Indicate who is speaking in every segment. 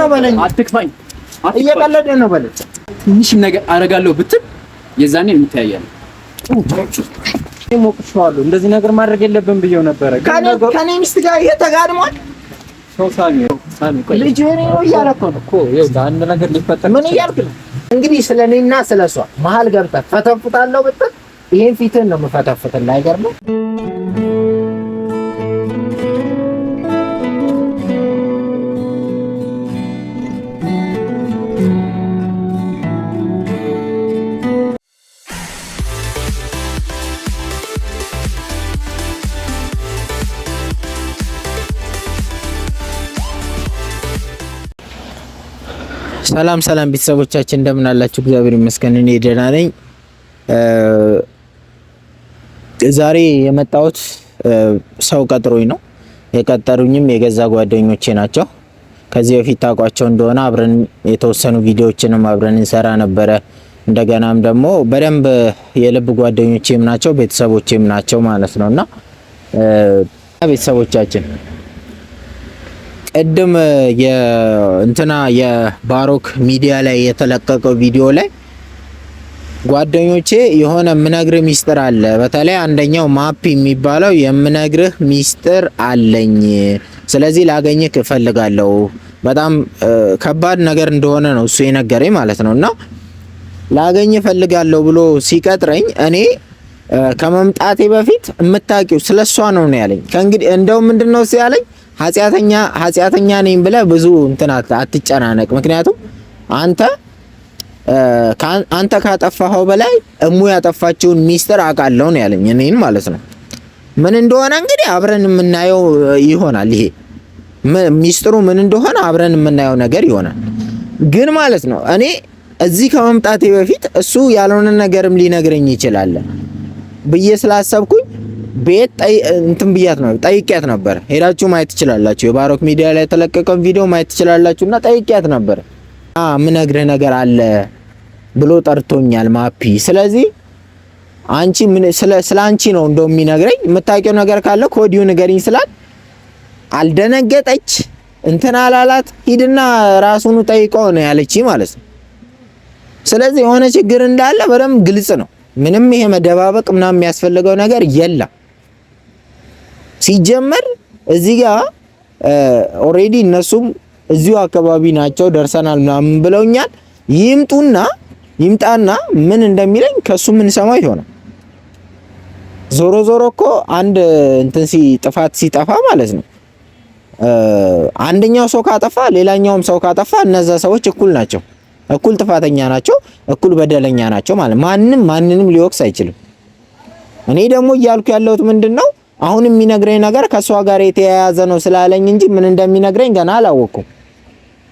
Speaker 1: ነው በለኝ። አትክፋኝ፣ እየቀለደ ነው በለኝ።
Speaker 2: ትንሽም ነገር አደርጋለሁ ብትል የዛኔ እንተያያለን። እንደዚህ ነገር ማድረግ የለብን ብየው ነበረ።
Speaker 1: ከኔ ሚስት ጋር ምን እያልክ ነው? እንግዲህ ስለ እኔና ስለ እሷ መሀል ገብተህ ፈተንፉታለሁ ብትል ይህን ፊትህን ነው የምፈተፍትልህ። አይገርምም? ሰላም ሰላም ቤተሰቦቻችን እንደምን አላችሁ? እግዚአብሔር ይመስገን እኔ ደህና ነኝ። ዛሬ የመጣሁት ሰው ቀጥሮኝ ነው። የቀጠሩኝም የገዛ ጓደኞቼ ናቸው። ከዚህ በፊት ታውቋቸው እንደሆነ አብረን የተወሰኑ ቪዲዮዎችንም አብረን እንሰራ ነበረ። እንደገናም ደግሞ በደንብ የልብ ጓደኞቼም ናቸው ቤተሰቦቼም ናቸው ማለት ነውና ቤተሰቦቻችን ቅድም እንትና የባሮክ ሚዲያ ላይ የተለቀቀው ቪዲዮ ላይ ጓደኞቼ የሆነ ምነግርህ ሚስጥር አለ። በተለይ አንደኛው ማፒ የሚባለው የምነግርህ ሚስጥር አለኝ፣ ስለዚህ ላገኝህ እፈልጋለሁ። በጣም ከባድ ነገር እንደሆነ ነው እሱ የነገረኝ ማለት ነው። እና ላገኘህ እፈልጋለሁ ብሎ ሲቀጥረኝ እኔ ከመምጣቴ በፊት የምታውቂው ስለሷ ነው ነው ያለኝ። ከእንግዲህ እንደው ምንድን ነው ሲያለኝ ኃጢአተኛ ኃጢአተኛ ነኝ ብለህ ብዙ እንትን አትጨናነቅ። ምክንያቱም አንተ አንተ ካጠፋኸው በላይ እሙ ያጠፋችውን ሚስጥር አውቃለሁ ነው ያለኝ፣ እኔን ማለት ነው። ምን እንደሆነ እንግዲህ አብረን የምናየው ይሆናል። ይሄ ሚስጥሩ ምን እንደሆነ አብረን የምናየው ነገር ይሆናል። ግን ማለት ነው እኔ እዚህ ከመምጣቴ በፊት እሱ ያልሆነ ነገርም ሊነግረኝ ይችላል ብዬ ስላሰብኩኝ ቤት እንትን ብያት ነው ጠይቂያት ነበር። ሄዳችሁ ማየት ትችላላችሁ። የባሮክ ሚዲያ ላይ የተለቀቀውን ቪዲዮ ማየት ትችላላችሁ። እና ጠይቂያት ነበር አ ምነግርህ ነገር አለ ብሎ ጠርቶኛል ማፒ። ስለዚህ አንቺ ምን ስለ አንቺ ነው እንደው የሚነግረኝ የምታውቂው ነገር ካለ ኮዲው ንገሪኝ ስላል አልደነገጠች እንትን አላላት። ሂድና ራሱኑ ጠይቀው ነው ያለች ማለት ነው። ስለዚህ የሆነ ችግር እንዳለ በደንብ ግልጽ ነው። ምንም ይሄ መደባበቅ ምናምን የሚያስፈልገው ነገር የለም። ሲጀመር እዚህ ጋር ኦሬዲ እነሱም እዚሁ አካባቢ ናቸው ደርሰናል ምናምን ብለውኛል። ይምጡና ይምጣና ምን እንደሚለኝ ከሱ ምን ሰማ ይሆናል። ዞሮ ዞሮ እኮ አንድ እንትን ጥፋት ሲጠፋ ማለት ነው አንደኛው ሰው ካጠፋ ሌላኛውም ሰው ካጠፋ እነዛ ሰዎች እኩል ናቸው፣ እኩል ጥፋተኛ ናቸው፣ እኩል በደለኛ ናቸው ማለት ማንም ማንንም ሊወቅስ አይችልም። እኔ ደግሞ እያልኩ ያለሁት ምንድን ነው አሁን የሚነግረኝ ነገር ከእሷ ጋር የተያያዘ ነው ስላለኝ እንጂ ምን እንደሚነግረኝ ገና አላወቅኩም።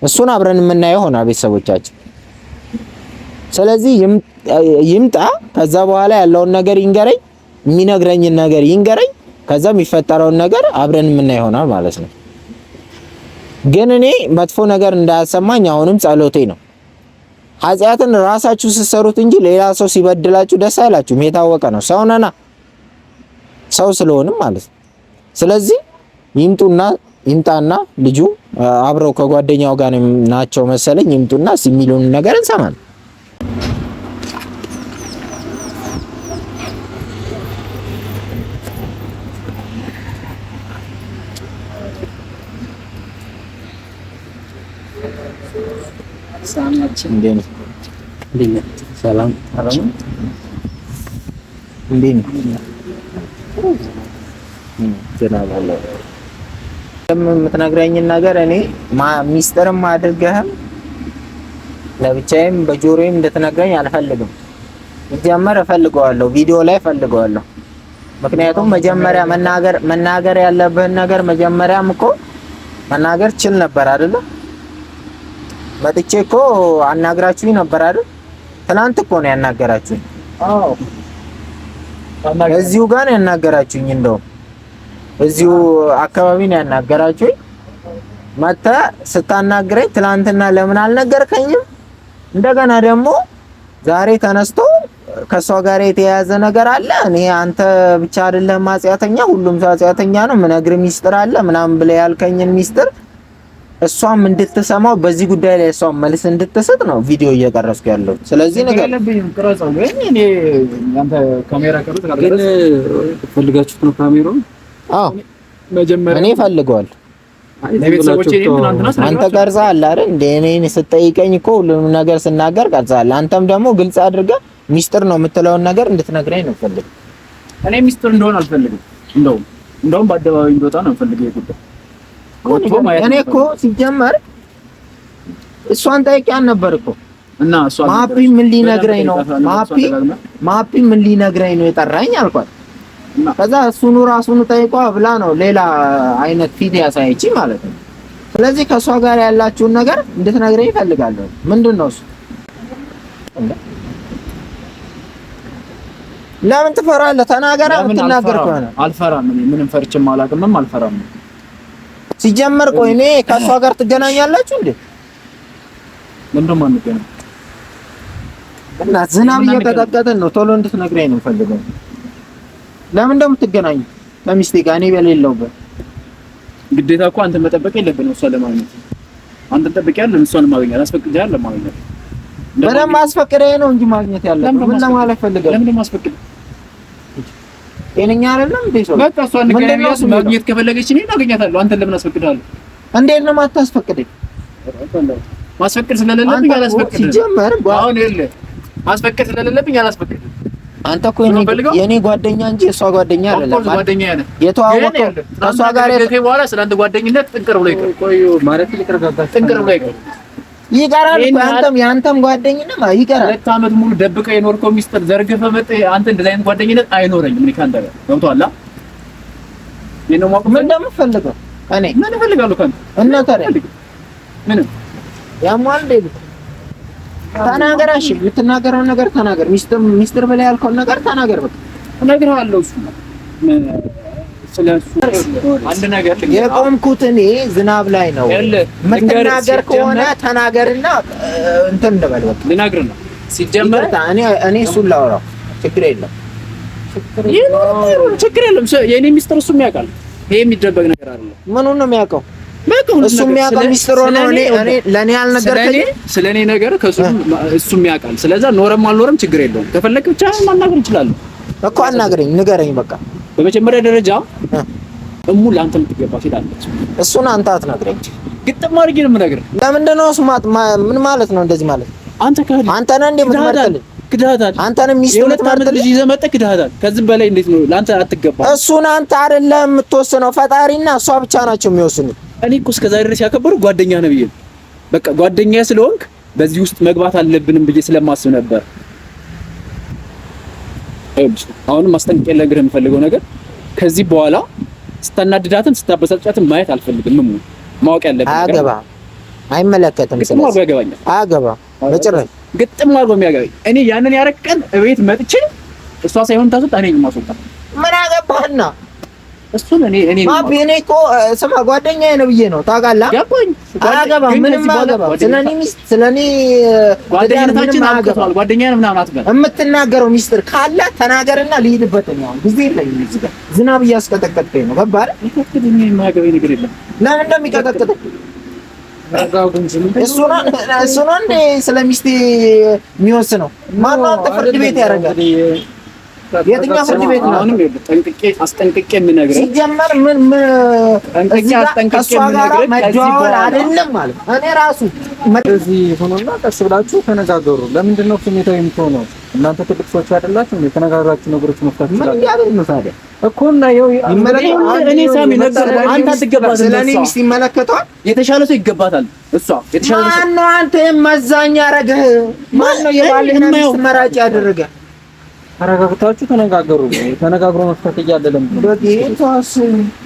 Speaker 1: እሱን አብረን የምናየው ሆና ቤተሰቦቻችን። ስለዚህ ይምጣ፣ ከዛ በኋላ ያለውን ነገር ይንገረኝ፣ የሚነግረኝን ነገር ይንገረኝ፣ ከዛ የሚፈጠረውን ነገር አብረን የምናየው ሆናል ማለት ነው። ግን እኔ መጥፎ ነገር እንዳያሰማኝ አሁንም ጸሎቴ ነው። ኃጢአትን ራሳችሁ ስትሰሩት እንጂ ሌላ ሰው ሲበድላችሁ ደስ አይላችሁም። የታወቀ ነው። ሰው ነና ሰው ስለሆንም ማለት ነው። ስለዚህ ይምጡና ይምጣና ልጁ አብረው ከጓደኛው ጋር ናቸው መሰለኝ። ይምጡና የሚሉን ነገር እንሰማለን።
Speaker 2: ሰላም ዝናብ አለ
Speaker 1: የምትነግረኝን ነገር እኔ ሚስጥርም አድርገህም ለብቻዬም በጆሮዬም እንድትነግረኝ አልፈልግም። ሲጀመር እፈልገዋለሁ፣ ቪዲዮ ላይ እፈልገዋለሁ። ምክንያቱም መጀመሪያ መናገር መናገር ያለብህን ነገር መጀመሪያም እኮ መናገር ችል ነበር አይደለ? መጥቼ እኮ አናግራችሁኝ ነበር አይደል? ትናንት እኮ ነው ያናገራችሁኝ። እዚሁ ጋር ነው ያናገራችሁኝ። እንደውም እዚሁ አካባቢ ነው ያናገራችሁኝ። መተህ ስታናግረኝ ትናንትና ለምን አልነገርከኝም? እንደገና ደግሞ ዛሬ ተነስቶ ከእሷ ጋር የተያያዘ ነገር አለ። እኔ አንተ ብቻ አይደለም አጽያተኛ፣ ሁሉም ሰው አጽያተኛ ነው። ምነግርህ ሚስጥር አለ ምናምን ብለህ ያልከኝን ሚስጥር እሷም እንድትሰማው በዚህ ጉዳይ ላይ እሷም መልስ እንድትሰጥ ነው ቪዲዮ እየቀረጽኩ ያለው። ስለዚህ ነገር ፈልጋችሁት ነው እኔ ፈልገዋል። አንተ ቀርጸሃል አይደል? እንደ እኔን ስጠይቀኝ እኮ ሁሉንም ነገር ስናገር ቀርጸሃል። አንተም ደግሞ ግልጽ አድርገህ ሚስጥር ነው የምትለውን ነገር እንድትነግረኝ ነው ፈልግ።
Speaker 2: እኔ ሚስጥር እንደሆነ አልፈልግም። እንደውም እንደውም በአደባባይ እንደወጣ ነው ፈልገው ይጉዳል
Speaker 1: እኔ እኮ ሲጀመር እሷን ጠይቂያን ነበር እኮ እና እሷ ማፒ ምን ሊነግረኝ ነው? ማፒ ማፒ ምን ሊነግረኝ ነው የጠራኝ አልኳት። ከዛ እሱኑ ራሱን ጠይቋ ብላ ነው ሌላ አይነት ፊት ያሳየች ማለት ነው። ስለዚህ ከእሷ ጋር ያላችሁን ነገር እንድትነግረኝ እፈልጋለሁ። ምንድን ነው እሱ? ለምን ትፈራለህ? ተናገራ። የምትናገር ከሆነ
Speaker 2: አልፈራም። ምንም ፈርችም አላውቅምም። አልፈራም
Speaker 1: ሲጀመር ቆይ እኔ ከእሷ ጋር ትገናኛላችሁ እንዴ?
Speaker 2: ለምን ነው
Speaker 1: እና ዝናብ እየቀጠቀጠን ነው። ቶሎ እንድትነግረኝ ነው ፈልገው። ለምን እንደምትገናኙ ከሚስቴ ጋር እኔ በሌለውበት
Speaker 2: ግዴታ እኮ አንተ መጠበቅ የለብንም እሷን ለማግኘት። አንተን ጠብቂያለሁ፣ እሷን ማግኘት አስፈቅድ ያለ ማግኘት
Speaker 1: በደምብ አስፈቅደኝ ነው እንጂ ማግኘት ያለ ምን ለማለት ፈልገህ ለምን ጤነኛ አይደለም እንዴ?
Speaker 2: በቃ እሷ ማግኘት ከፈለገች እኔን አገኛታለሁ። አንተን ለምን አስፈቅድሃለሁ?
Speaker 1: እንዴት ነው የማታስፈቅደኝ?
Speaker 2: ማስፈቅድ ስለሌለብኝ አላስፈቅድም። ሲጀመር አሁን ማስፈቅድ ስለሌለብኝ አላስፈቅድም።
Speaker 1: አንተ እኮ የኔ ጓደኛ እንጂ እሷ ጓደኛ
Speaker 2: አይደለም።
Speaker 1: የተዋወቀው እሷ ጋር
Speaker 2: በኋላ ስለ አንተ ጓደኝነት ጥንቅር ብሎ ይቅር ጥንቅር ብሎ ይቅር
Speaker 1: ይቀራል እኮ አንተም ያንተም ጓደኝነት ይቀራል።
Speaker 2: ሁለት ዓመት ሙሉ ደብቀህ የኖርከው ሚስጥር ዘርግፈህ መጥተህ አንተ እንደዚህ አይነት ጓደኝነት አይኖረኝም። እኔ ካንተ ጋር ገብቶሃል።
Speaker 1: ምን እንደምፈልገው እኔ ምን እፈልጋለሁ ካንተ እና ታዲያ ምንም ያሟል እንደ ተናገር። እሺ የምትናገረውን ነገር ተናገር። ሚስጥር ሚስጥር ብለህ ያልከውን ነገር ተናገር። በቃ
Speaker 2: እነግርሃለሁ እሱ
Speaker 1: የቆምኩት እኔ ዝናብ ላይ ነው። የምትናገር ከሆነ ተናገርና እንትን እንበል
Speaker 2: በቃ ነው።
Speaker 1: ሲጀመር እኔ እሱን ችግር የለም
Speaker 2: ችግር የለም። የእኔ ሚስጥር የሚያውቃል። ይሄ የሚደበቅ ነገር
Speaker 1: አይደለም። ምኑን ነው የሚያውቀው? እሱ የሚያውቀው ለእኔ
Speaker 2: ነገር ኖረም አልኖረም ችግር የለውም። ከፈለግ ብቻ ማናገር እንችላለን
Speaker 1: እኮ አናግረኝ፣ ንገረኝ በቃ
Speaker 2: በመጀመሪያ ደረጃ እሙ ለአንተ የምትገባ ልትገባ አለች።
Speaker 1: እሱን አንተ አትነግረኝ፣
Speaker 2: ግጥም አድርጌ ነው የምነግርህ።
Speaker 1: ለምንድን ነው እሱ? ምን ማለት ነው እንደዚህ ማለት? አንተ ከህል አንተ ነህ እንደ የምትመርጥልኝ ክዳታል አንተ ነው ሚስት
Speaker 2: የምትመርጥ ልጅ ይዘህ መጥተህ ክዳታል። ከዚህ በላይ እንዴት ነው ለአንተ አትገባ።
Speaker 1: እሱን አንተ አይደለም የምትወስነው፣ ፈጣሪና እሷ ብቻ ናቸው የሚወስኑት።
Speaker 2: እኔ እኮ እስከዛ ድረስ ያከበሩ ጓደኛ ነው ብዬ በቃ ጓደኛ ስለሆንክ በዚህ ውስጥ መግባት አለብንም ብዬ ስለማስብ ነበር አሁንም ማስጠንቀቂያ ልነግርህ የምፈልገው ነገር ከዚህ በኋላ ስታናድዳትም ስታበሳጫትም ማየት አልፈልግም። ማወቅ ያለብህ
Speaker 1: አገባ አይመለከትም።
Speaker 2: ግጥም አድርጎ ያገባኛል።
Speaker 1: አገባ በጭራሽ
Speaker 2: ግጥም አድርጎ የሚያገባኝ እኔ ያንን ያረቀን እቤት መጥቼ እሷ ሳይሆን ታስወጣ እኔ የማስወጣት
Speaker 1: ምን አገባህና እሱን እኔ እኮ ስማ ጓደኛዬ ነው ብዬ ነው ታውቃለህ። ገባኝ። አያገባም፣ ምንም አያገባም። ስለኔ ሚስት ስለኔ
Speaker 2: ጓደኛነታችን አብቅቷል። ጓደኛዬ ነው ምናምን
Speaker 1: አትበል። የምትናገረው ሚስጥር ካለ ተናገርና ልሂድበት ነው። ጊዜ የለኝም እዚህ ጋር ዝናብ እያስቀጠቀጠኝ ነው። ገባህ አይደል? ይከተልኝ ነገር የለም። ለምን እንደሚቀጠቅጠኝ እሱን እንደ ስለሚስቴ የሚወስነው ማነው? አንተ ፍርድ ቤት ያደርጋል የትኛው
Speaker 2: ፍርድ ቤት ነው? ጠንቅቄ አስጠንቅቄ የምነግርህ
Speaker 1: ሲጀመር ምን ምን ጠንቅቄ አስጠንቅቄ የምነግርህ መደዋወል አይደለም ማለት እኔ ራሱ
Speaker 2: እዚህ ሆኖና ቀስ ብላችሁ ተነጋገሩ። ለምንድን ነው ስሜታዊ የምትሆነው? እናንተ ትልቅ ሰዎች አይደላችሁ? የተነጋገራችሁ ነገሮች መፍታት ይችላል እኮ እና ይኸው
Speaker 1: እኔ ሳሚ ነገር አንተ አትገባትም። ስለኔ ሚስት ይመለከቷል። የተሻለ ሰው ይገባታል። እሷ የተሻለ ሰው ማነው? አንተ መዛኛ ያደረገህ ማነው? የባልህን ሚስት መራጭ ያደረገህ
Speaker 2: ተረጋግታችሁ ተነጋገሩ። ተነጋግሮ መፍታት እያለለም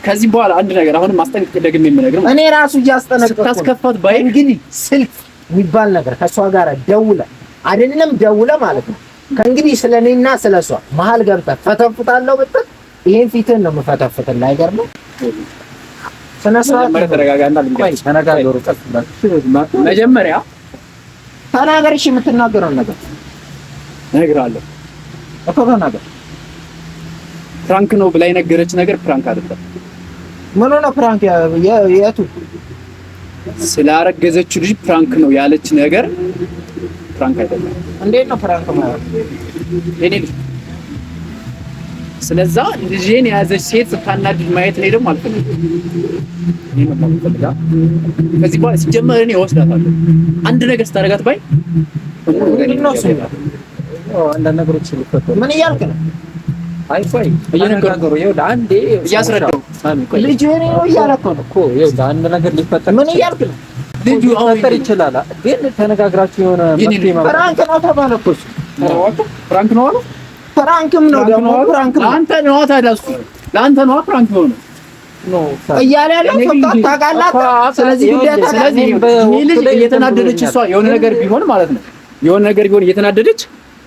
Speaker 2: ከዚህ በኋላ አንድ ነገር አሁንም ማስጠንቀቅ ደግሜ የምነግርህ
Speaker 1: እኔ ራሱ እያስጠነቀቅኩ ታስከፋት ባይ እንግዲህ ስልክ የሚባል ነገር ከእሷ ጋር ደውለ አይደለም ደውለ ማለት ነው። ከእንግዲህ ስለ እኔና ስለ እሷ መሀል ገብተህ ፈተፍታለሁ ብትል ይሄን ፊትህን ነው የምፈተፍትልህ። አይገርምም? ስነ ስርዓት ተነጋገሩ። መጀመሪያ ተናገር፣ እሺ የምትናገረውን ነገር እነግርሃለሁ አፈራ ነገር
Speaker 2: ፕራንክ ነው ብላ የነገረች ነገር ፕራንክ አይደለም።
Speaker 1: ምን ነው ፕራንክ የቱ
Speaker 2: ስላረገዘች ልጅ ፕራንክ ነው ያለች ነገር ፕራንክ አይደለም።
Speaker 1: እንዴት ነው ፕራንክ ማለት? የኔ ልጅ
Speaker 2: ስለዛ ልጄን የያዘች ሴት ስታናድድ ማየት ላይ ደግሞ አልፈልግም። ከዚህ በኋላ ሲጀመር እኔ እወስዳታለሁ። አንድ ነገር ስታደርጋት ባይ
Speaker 1: ነው አንዳንድ ነገሮች ሊፈጠሩ ምን እያልክ ነው?
Speaker 2: አይ ቆይ ይኸውልህ፣ አንዴ
Speaker 1: ልጁ እኔ ነው ነው
Speaker 2: እኮ ይኸውልህ፣ አንድ ነገር ሊፈጠር ምን እያልክ ነው? ልጁ ሊፈጠር ይችላል፣ ግን ተነጋግራችሁ የሆነ
Speaker 1: ፍራንክ ነው ተባለ እኮ
Speaker 2: እሱ ፍራንክ ነው አሉ።
Speaker 1: ፍራንክም ነው ደግሞ ፍራንክ ነው።
Speaker 2: አንተ ታዲያ እሱ ለአንተ ፍራንክ
Speaker 1: እያለ ያለው እየተናደደች እሷ የሆነ ነገር ቢሆን ማለት ነው የሆነ ነገር ቢሆን እየተናደደች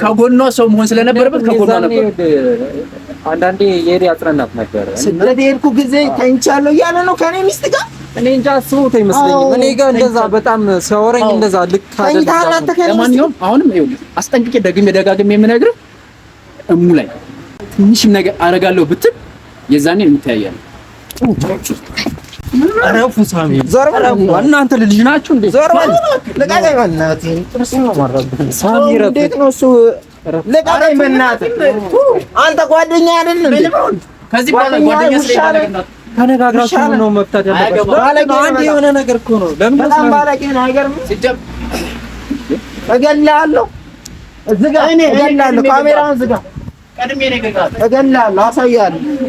Speaker 2: ከጎኗ ሰው መሆን ስለነበረበት ከጎኗ ነበር። አንዳንዴ የሄድ ያጽናናት
Speaker 1: ነበር። ስደት የሄድኩ ጊዜ ተኝቻለሁ እያለ ነው ከኔ ሚስት ጋር
Speaker 2: እኔ እንጃ አስቦት አይመስለኝም። እኔ ጋር እንደዛ በጣም ሲያወራኝ እንደዛ ልክ
Speaker 1: ለማንኛውም አሁንም
Speaker 2: አስጠንቅቄ ደግሜ ደጋግሜ የምነግርህ እሙ ላይ ትንሽም ነገር አደርጋለሁ ብትል የዛኔ እንተያያለን።
Speaker 1: ረፉ ሳሚ እናንተ ልጅ ናችሁ እንዴ? አንተ ጓደኛ አይደለም። ከዚህ በኋላ ጓደኛ ተነጋግራችሁ ነው መፍታት ያለበት። አንድ የሆነ ነገር እኮ ነው። በጣም ባለጌ ነው። አይገርም። እገልሃለሁ። እዚህ ጋር እገልሃለሁ። ካሜራውን እዚህ ጋር እገልሃለሁ። አሳያለሁ